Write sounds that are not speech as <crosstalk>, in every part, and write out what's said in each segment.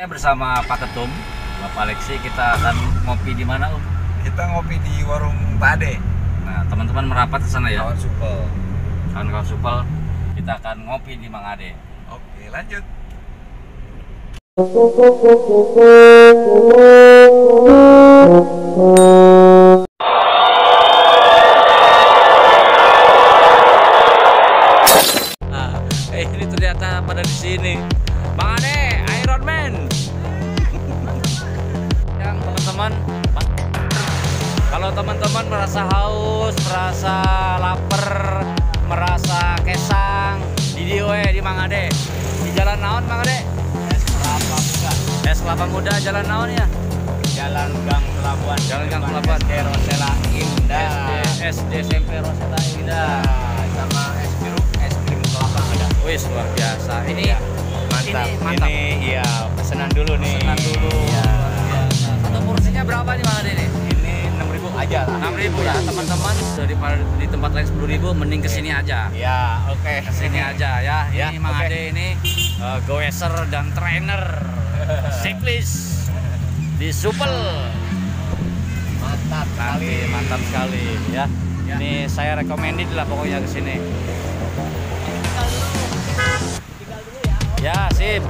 Saya bersama Pak Ketum, Bapak Alexi kita akan ngopi di mana, Om? Kita ngopi di warung Pak Ade. Nah, teman-teman merapat ke sana ya. Kawan Supel. Kawan-kawan Supel, kita akan ngopi di Mang Ade. Oke, lanjut. Nah, eh ini ternyata pada di sini. Bang Ade, Iron Man yang teman-teman kalau teman-teman merasa haus merasa lapar merasa kesang di diwe di Mangade di Jalan Naon Mangade Es Kelapa Muda Es Kelapa Muda Jalan Naon ya Jalan Gang Pelabuhan Jalan Gang Pelabuhan SD Rosela Indah SD, SD SMP Rosela Indah ah, sama es biru es krim kelapa ada wis luar biasa ini ya mantap. Ini, mantap. Ini iya pesenan dulu nih. Pesenan dulu. Iya. Satu porsinya berapa nih Bang ini? Ini 6000 aja lah. 6000 ya teman-teman daripada di tempat lain 10000 mending kesini aja. Iya, oke. Okay. Kesini aja ya. ya ini Mang okay. Ade ini uh, goeser dan trainer <laughs> siklis di Supel. Mantap sekali, mantap sekali ya. ya. Ini saya recommended lah pokoknya kesini. Ya, sip.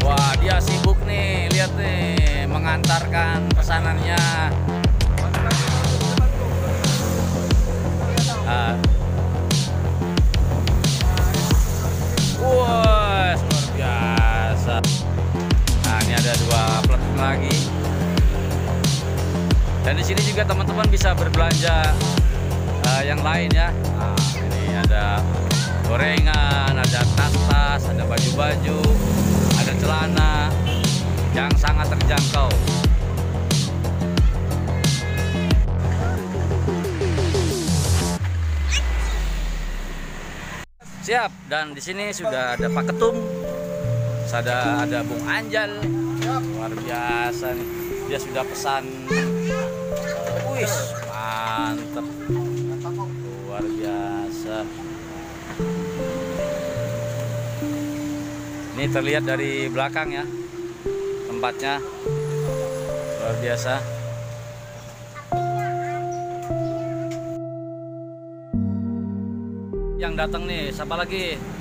Wah, dia sibuk nih. Lihat nih, mengantarkan pesanannya. Wah, luar biasa. Nah, ini ada dua platform lagi. Dan di sini juga teman-teman bisa berbelanja uh, yang lain ya. Nah ada gorengan, ada tas-tas, ada baju-baju, ada celana yang sangat terjangkau. Siap, dan di sini sudah ada Pak Ketum, ada ada Bung Anjal, luar biasa nih, dia sudah pesan, wis mantep. ini terlihat dari belakang ya tempatnya luar biasa yang datang nih siapa lagi